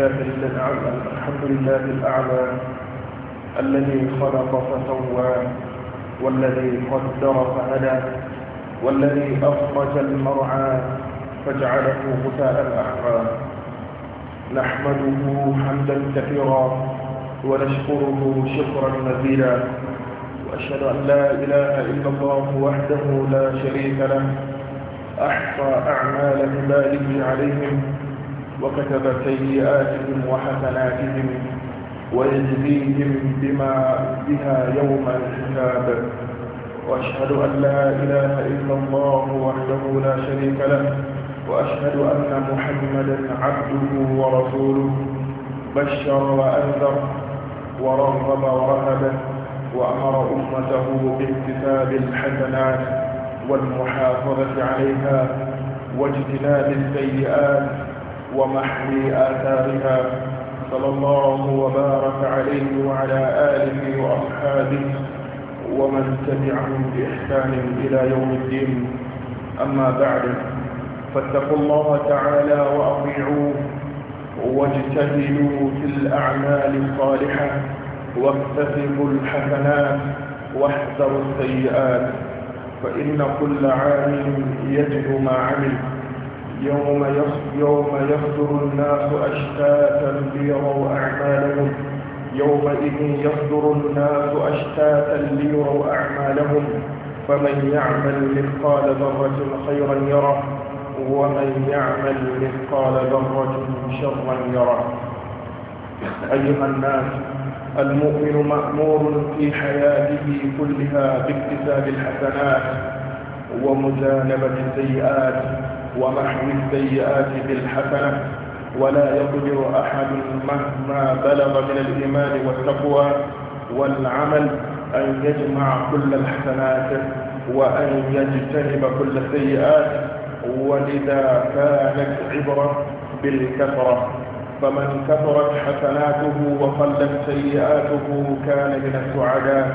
لله الأعلى الحمد لله الأعلى الذي خلق فسوى والذي قدر فهدى والذي أخرج المرعى فجعله غثاء الأحرى نحمده حمدا كثيرا ونشكره شكرا مزيدا وأشهد أن لا إله إلا الله وحده لا شريك له أحصى أعمال عباده عليهم وكتب سيئاتهم وحسناتهم ويجزيهم بما بها يوم الحساب وأشهد أن لا إله إلا الله وحده لا شريك له وأشهد أن محمدا عبده ورسوله بشر وأنذر ورغب ورهب وأمر أمته باكتساب الحسنات والمحافظة عليها واجتناب السيئات ومحمي آثارها صلى الله وبارك عليه وعلى آله وأصحابه ومن تبعهم بإحسان إلى يوم الدين أما بعد فاتقوا الله تعالى وأطيعوه واجتهدوا في الأعمال الصالحة واكتسبوا الحسنات واحذروا السيئات فإن كل عالم يجد ما عمل يوم يوم يصدر الناس أشتاتا ليروا أعمالهم يومئذ يصدر الناس أشتاتا ليروا أعمالهم فمن يعمل مثقال ذرة خيرا يره ومن يعمل مثقال ذرة شرا يره أيها الناس المؤمن مأمور في حياته كلها باكتساب الحسنات ومجانبة السيئات ومحو السيئات بالحسنة ولا يقدر أحد مهما بلغ من الإيمان والتقوى والعمل أن يجمع كل الحسنات وأن يجتنب كل السيئات ولذا كانت عبرة بالكثرة فمن كثرت حسناته وقلت سيئاته كان من السعداء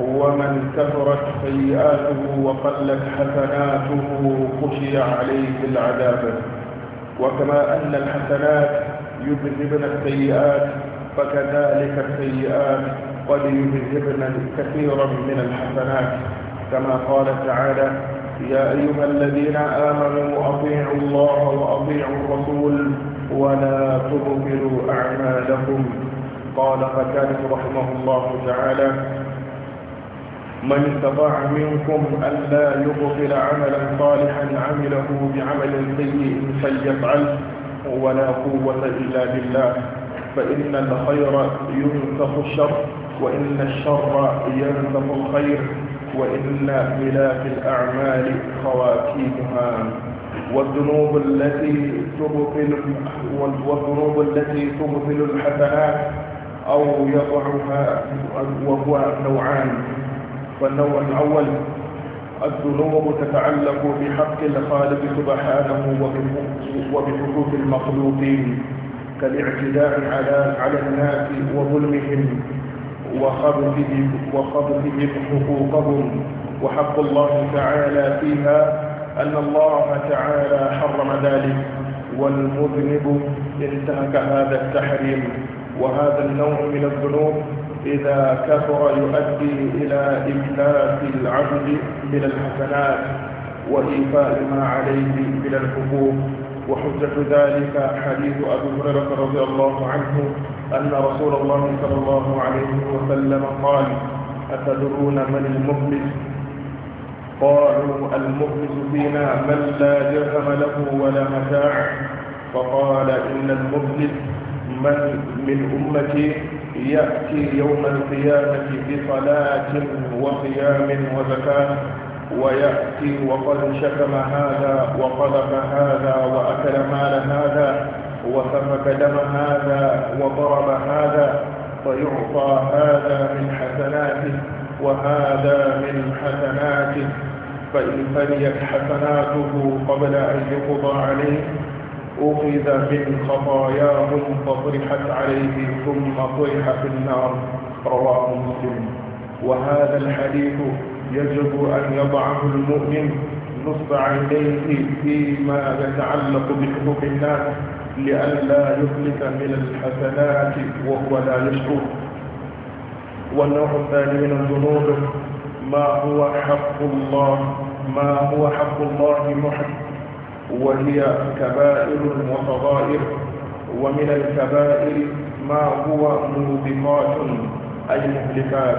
ومن كثرت سيئاته وقلت حسناته خشي عليه العذاب وكما أن الحسنات يذهبن السيئات فكذلك السيئات قد يذهبن كثيرا من الحسنات كما قال تعالى يا أيها الذين آمنوا أطيعوا الله وأطيعوا الرسول ولا تبطلوا أعمالكم قال فكانت رحمه الله تعالى من استطاع منكم ألا يبطل عملا صالحا عمله بعمل سيء فليفعل ولا قوة إلا بالله فإن الخير ينسخ الشر وإن الشر ينسخ الخير وإن ملاك الأعمال خواتيمها والذنوب التي تبطل والذنوب التي تبطل الحسنات أو يضعها وهو نوعان فالنوع الأول الذنوب تتعلق بحق الخالق سبحانه وبحقوق المخلوقين كالاعتداء على على الناس وظلمهم وخبثهم وخبثهم حقوقهم وحق الله تعالى فيها أن الله تعالى حرم ذلك والمذنب انتهك هذا التحريم وهذا النوع من الذنوب إذا كثر يؤدي إلى إملاك العبد من الحسنات وإيفاء ما عليه من الحقوق وحجة ذلك حديث أبي هريرة رضي الله عنه أن رسول الله صلى الله عليه وسلم قال أتدرون من المفلس قالوا المفلس فينا من لا درهم له ولا متاع فقال إن المفلس من من أمتي يأتي يوم القيامة بصلاة وقيام وزكاة ويأتي وقد شتم هذا وقذف هذا وأكل مال هذا وسفك دم هذا وضرب هذا فيعطى هذا من حسناته وهذا من حسناته فإن فنيت حسناته قبل أن يقضى عليه أخذ من خطاياهم فطرحت عليه ثم طرح في النار رواه مسلم وهذا الحديث يجب أن يضعه المؤمن نصب عينيه فيما يتعلق بحقوق الناس لئلا يفلت من الحسنات وهو لا يشعر والنوع الثاني من الذنوب ما هو حق الله ما هو حق الله محق وهي كبائر وصغائر ومن الكبائر ما هو موبقات أي مهلكات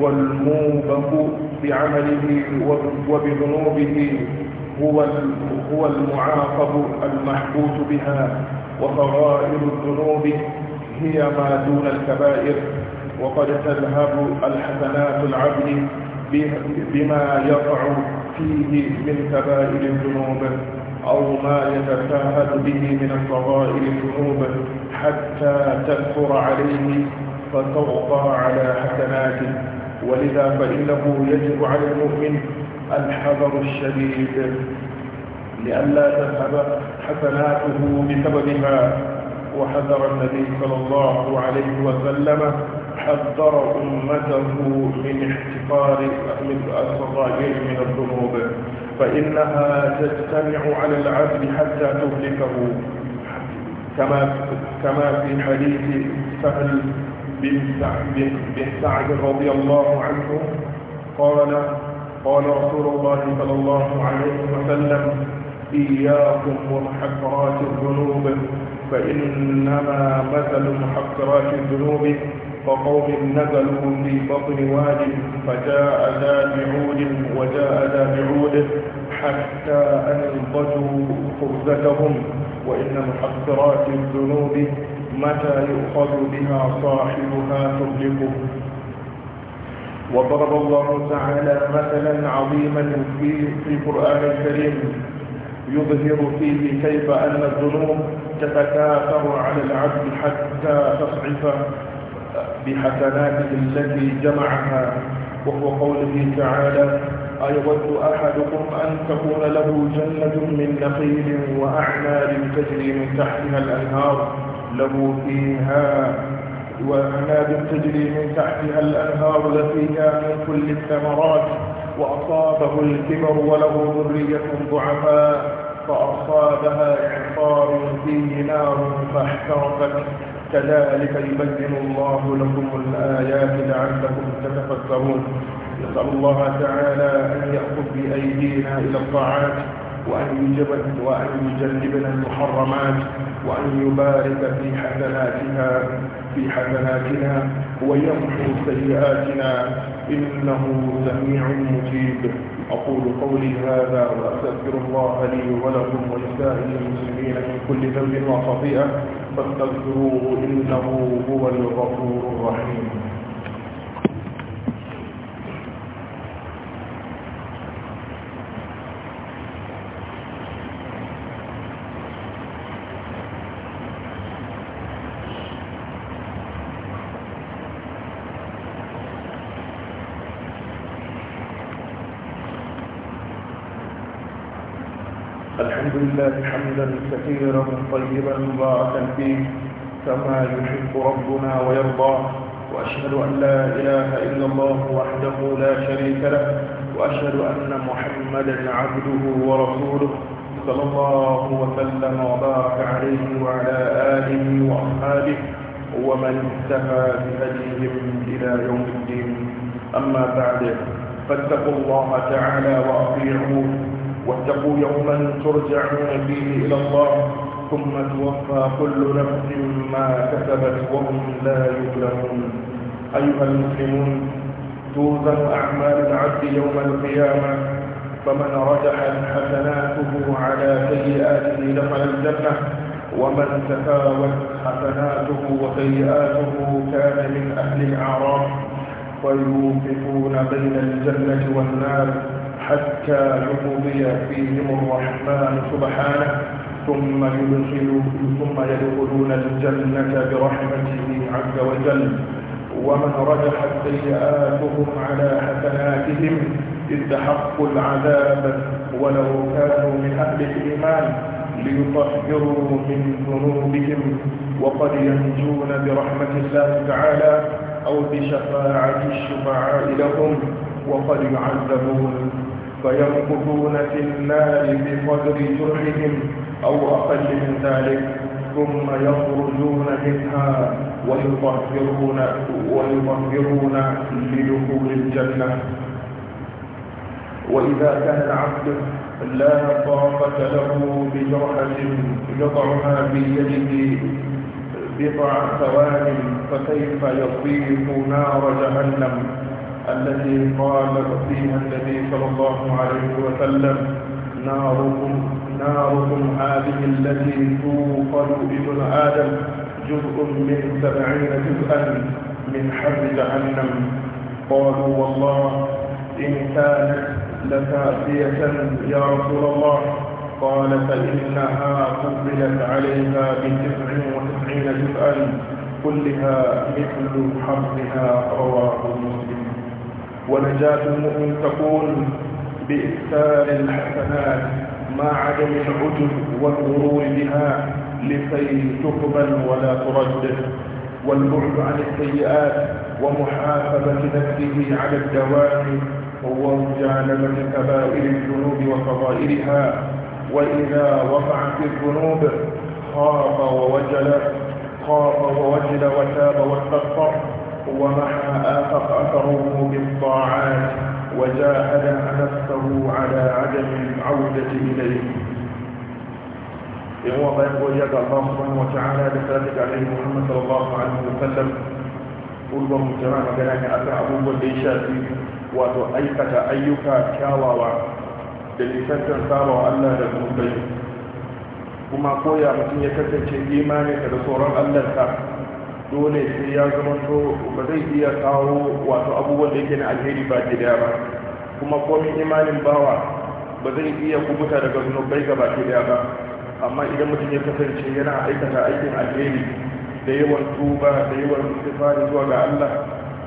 والموبق بعمله وبذنوبه هو هو المعاقب المحبوس بها وصغائر الذنوب هي ما دون الكبائر وقد تذهب الحسنات العبد بما يقع فيه من كبائر الذنوب أو ما يتساهل به من الصغائر الذنوب حتى تكثر عليه فتغطى على حسناته ولذا فإنه يجب على المؤمن الحذر الشديد لئلا تذهب حسناته بسببها وحذر النبي صلى الله عليه وسلم حذر أمته من احتقار الصغائر من الذنوب فإنها تجتمع على العبد حتى تهلكه كما كما في حديث سهل بن سعد بن سعد رضي الله عنه قال قال رسول الله صلى الله عليه وسلم إياكم ومحقرات الذنوب فإنما مثل محقرات الذنوب فقوم نزلوا في بطن واد فجاء ذا بعود وجاء ذا بعود حتى انقذوا خبزتهم وإن محصرات الذنوب متى يؤخذ بها صاحبها تهلكه وضرب الله تعالى مثلا عظيما في, في القرآن الكريم يظهر فيه كيف أن الذنوب تتكاثر على العبد حتى تصعف بحسناته التي جمعها وهو قوله تعالى أيود أحدكم أن تكون له جنة من نخيل وأعناب تجري من تحتها الأنهار له فيها وأعناب تجري من تحتها الأنهار لفيها من كل الثمرات وأصابه الكبر وله ذرية ضعفاء فأصابها إعصار فيه نار فاحترقت كذلك يبين الله لكم الآيات لعلكم تتفكرون نسأل الله تعالى أن يأخذ بأيدينا إلى الطاعات وأن وأن يجنبنا المحرمات وأن يبارك في حسناتنا في حسناتنا ويمحو سيئاتنا إنه سميع مجيب أقول قولي هذا وأستغفر الله لي ولكم ولسائر المسلمين من كل ذنب وخطيئة فاستغفروه إنه هو الغفور الرحيم الحمد لله حمدا كثيرا طيبا مباركا فيه كما يحب ربنا ويرضى وأشهد أن لا إله إلا الله وحده لا شريك له وأشهد أن محمدا عبده ورسوله صلى الله وسلم وبارك عليه وعلى آله وأصحابه ومن اهتفى بهديهم إلى يوم الدين أما بعد فاتقوا الله تعالى وأطيعوه واتقوا يوما ترجعون فيه إلى الله ثم توفى كل نفس ما كسبت وهم لا يظلمون أيها المسلمون توزن أعمال العبد يوم القيامة فمن رجحت حسناته على سيئاته دخل الجنة ومن تفاوت حسناته وسيئاته كان من أهل الأعراف فيوقفون بين الجنة والنار حتى يقضي فيهم الرحمن سبحانه ثم يدخل ثم يدخلون الجنة برحمته عز وجل ومن رجحت سيئاتهم على حسناتهم استحقوا العذاب ولو كانوا من أهل الإيمان ليطهروا من ذنوبهم وقد ينجون برحمة الله تعالى أو بشفاعة الشفعاء لهم وقد يعذبون فيمكثون في النار بقدر جرحهم أو أقل من ذلك ثم يخرجون منها ويطهرون ويطهرون لدخول الجنة وإذا كان العبد لا طاقة له بجرحة يضعها بيده بضع ثوان فكيف يطيق نار جهنم التي قال فيها النبي صلى الله عليه وسلم ناركم ناركم هذه التي توقد ابن آدم جزء من سبعين جزءا من حر جهنم قالوا والله إن كانت لتأتية يا رسول الله قال فإنها قبلت عليها بتسع وتسعين جزءا كلها مثل حرها رواه مسلم ونجاة المؤمن تكون بإكثار الحسنات ما عدم العجب والغرور بها لكي تقبل ولا ترد والبعد عن السيئات ومحاسبة نفسه على الدوام ومجانبة كبائر الذنوب وفضائلها وإذا وقع في الذنوب خاف ووجل خاف ووجل وتاب واستغفر ومحى آفق أثره بالطاعات وجاهد نفسه على عدم العودة إليه يوم وجد الله سبحانه وتعالى بسلامك عليه محمد صلى الله عليه وسلم قل مجرم جلاك أتى أبو والديشاتي وتؤيكة أيك كاواوا للفتن صار ألا لكم kuma وما قويا ya يكتب إيمانك da ألا allahnka dole sai ya zama to ba zai iya kawo wato abubuwan da yake na alheri ba ke daya ba kuma komin imanin bawa ba zai iya kubuta daga zunubai gaba ke daya ba amma idan mutum ya kasance yana aikata aikin alheri da yawan tuba da yawan istifari zuwa ga Allah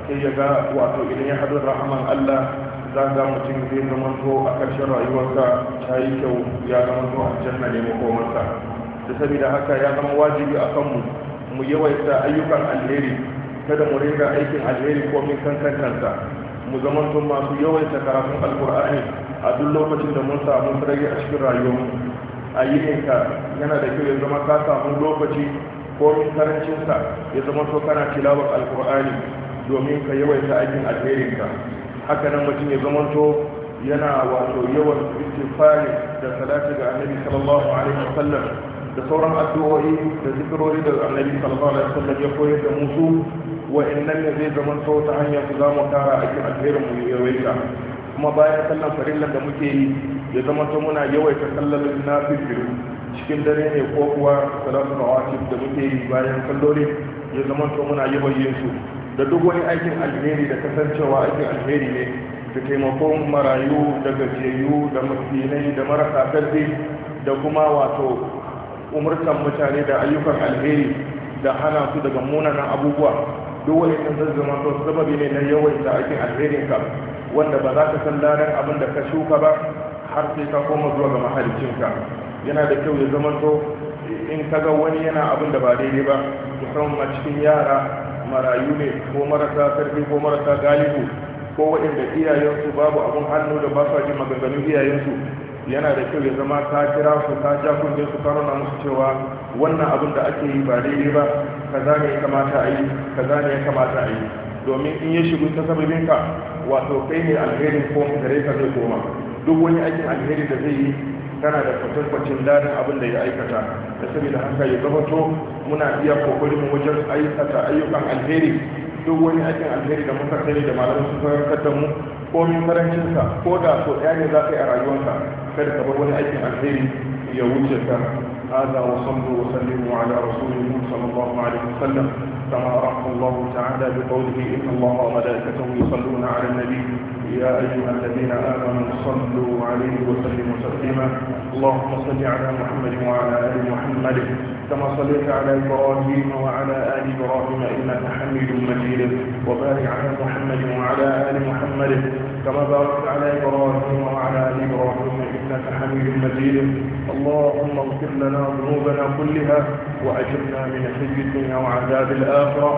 sai ya ga wato idan ya hadu rahaman Allah za ga mutum zai zama to a ƙarshen rayuwarsa ta yi kyau ya zama to aljanna ne komarsa da sabida haka ya zama wajibi a kanmu mu yawaita ayyukan alheri kada mu ringa aikin alheri ko min kankantansa mu zama tun masu yawaita karatun alkur'ani a duk lokacin da mun samu sarari a cikin rayuwarmu ka yana da kyau ya zama ka samu lokaci ko min karancinsa ya zama to kana tilawar alkur'ani domin ka yawaita aikin alherinka haka nan mutum ya zama to yana wato yawan istifari da salati ga annabi sallallahu alaihi wasallam da sauran addu'o'i da zikirori da annabi sallallahu alaihi wasallam ya koyar da musu wa'annan ne zai zama ta hanyar su zamu tara aikin alherin mu yawaita kuma bayan sallan farillan da muke yi ya zama muna yawaita sallan nafilu cikin dare ne ko kuwa salatu rawatib da muke yi bayan salloli ya zama ta muna yawayin su da duk wani aikin alheri da kasancewa aikin alheri ne da taimakon marayu da gajiyayyu da masinai, da marasa karfi da kuma wato umurtan mutane da ayyukan alheri da hana su daga munanan abubuwa duk wani kan zazzama to sababi ne na da aikin alherin ka wanda ba za ka san lanar abin da ka shuka ba har sai ka koma zuwa ga ka yana da kyau ya zama to in ka ga wani yana abin da ba daidai ba musamman cikin yara marayu ne ko marasa karfi ko marasa galibu ko waɗanda iyayensu babu abin hannu da ba sa jin maganganun iyayensu yana da kyau ya zama ta kira su ta ja kunne su ka nuna musu cewa wannan abin da ake yi ba daidai ba kaza ne ya kamata a yi kaza ne ya kamata a yi domin in ya shigo ta sababin ka wato kai ne alherin ko gare ka zai koma duk wani aikin alheri da zai yi kana da kwatankwacin dadin abin da ya aikata da saboda haka ya gabato muna iya kokarin wajen aikata ayyukan alheri duk wani aikin alheri da muka sani da malamin sun karantar da mu ko min farancinsa ko da so ɗaya ne za ka yi a rayuwarka kada ka bar wani aikin alheri ya wuce ka هذا وصلوا وسلموا على رسوله صلى الله عليه وسلم كما رحم الله تعالى بقوله إن الله وملائكته يصلون على النبي يا أيها الذين آمنوا صلوا عليه وسلموا تسليما اللهم صل على محمد وعلى آل محمد كما صليت على إبراهيم وعلى آل إبراهيم إنك حميد مجيد وبارك على محمد وعلى آل محمد كما باركت على إبراهيم وعلى آل إبراهيم إنك حميد مجيد اللهم اغفر لنا ذنوبنا كلها وأجرنا من خزي الدنيا وعذاب الآخرة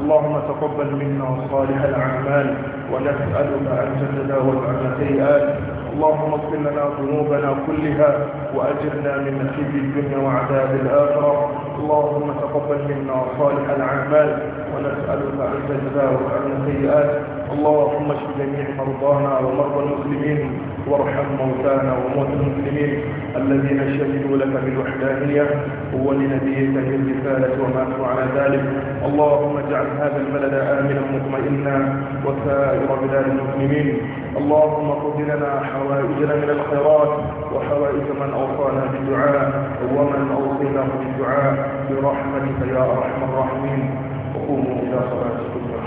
اللهم تقبل منا صالح الأعمال ونسألك أن تتداول عن سيئات اللهم اغفر لنا ذنوبنا كلها وأجرنا من خزي الدنيا وعذاب الآخرة اللهم تقبل منا صالح الأعمال ونسألك أن تتداول عن سيئات اللهم اشف جميع مرضانا ومرضى المسلمين وارحم موتانا وموتى المسلمين الذين شهدوا لك بالوحدانية ولنبيك بالرسالة وماتوا على ذلك اللهم اجعل هذا البلد آمنا مطمئنا وسائر بلاد المسلمين اللهم خذ لنا حوائجنا من الخيرات وحوائج من أوصانا بالدعاء ومن أوصيناه بالدعاء برحمتك يا أرحم الراحمين وقوموا إلى صلاتكم